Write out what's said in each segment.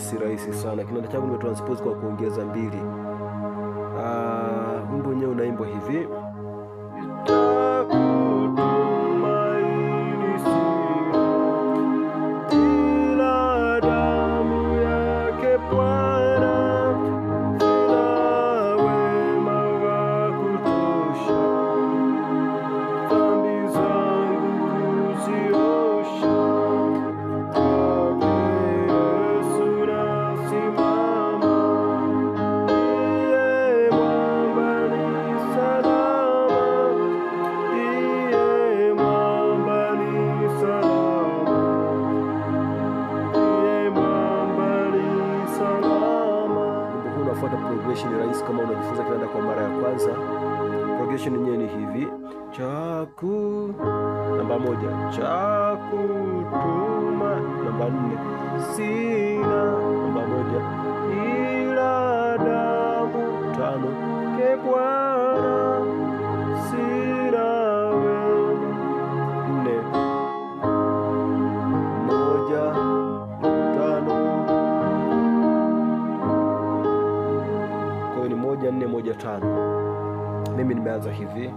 note si rahisi sana. Kinanda changu nimetranspose kwa kuongeza mbili. Uh, ah, wimbo wenyewe unaimbwa hivi. chaku. Namba moja, chaku tuma Namba nne, sina. Namba moja, ila damu. Tano, ke Bwana sina we Nne, moja, tano. Kwa hiyo ni moja nne moja tano. Mimi nimeanza hivi.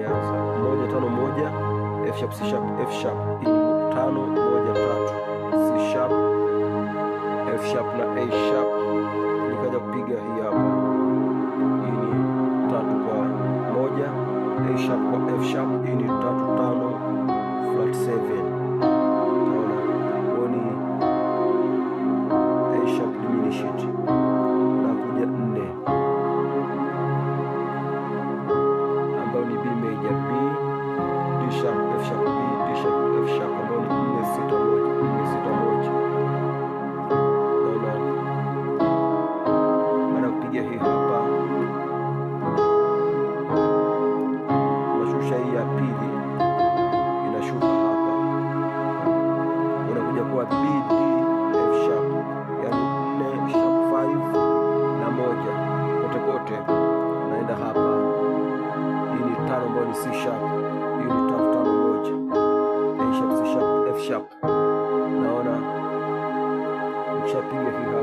tumeanza moja tano moja F sharp C sharp F sharp tano moja tatu C sharp F sharp na A sharp, nikaja kupiga hii hapa, hii ni tatu kwa moja A sharp kwa F sharp, hii ni tatu tano flat 7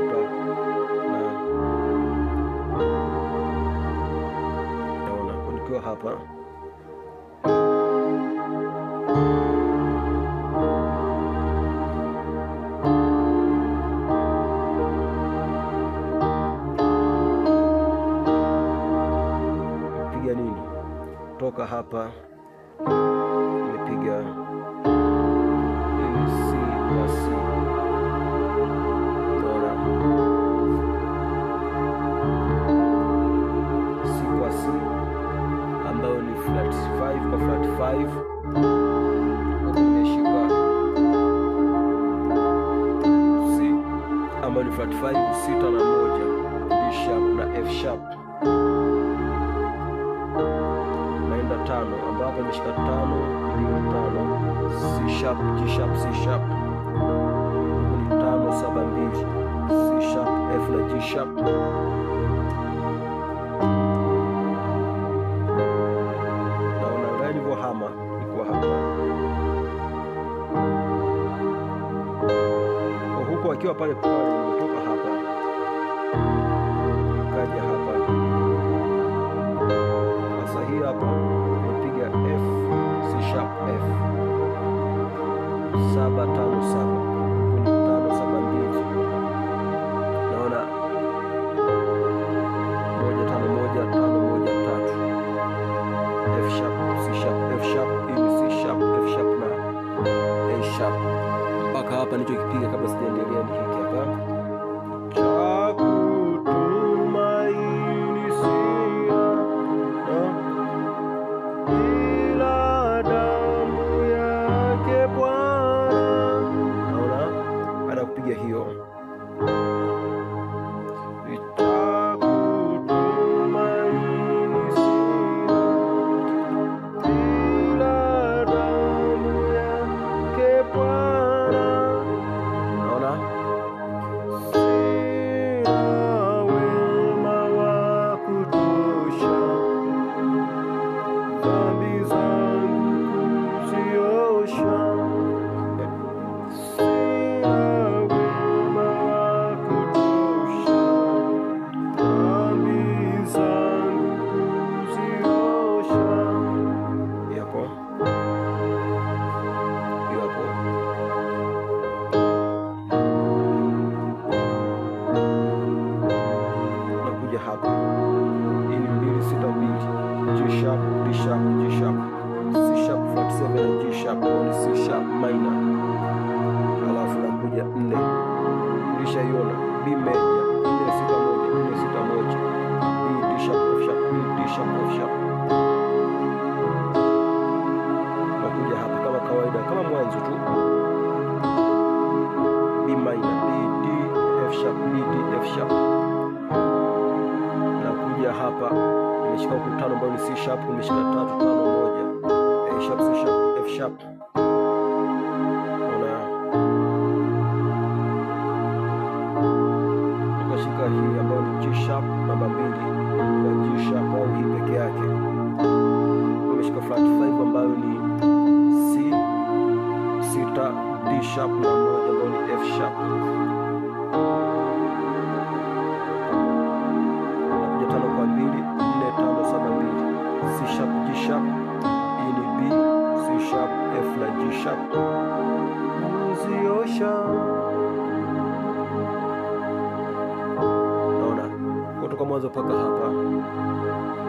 hapa na naona nikiwa hapa piga nini toka hapa nimepiga live huku nimeshika C ambayo ni flat 5 sita na moja D sharp na F sharp, naenda tano, ambapo nimeshika tano mbili tano C sharp G sharp C sharp, huku ni tano saba mbili C sharp F na G sharp nikiwa pale pale nilitoka hapa nikaja hapa hasa hii hapa nimepiga F C sharp F saba tano diye legeyen qué G sharp, C sharp flat G sharp on C sharp minor, alafu nakuja nne, ulishaiona B major nne sita moja nne sita moja, D sharp F sharp D sharp F sharp kumi ishirini na tatu tano moja A eh, sharp C sharp F sharp mwanzo mpaka hapa.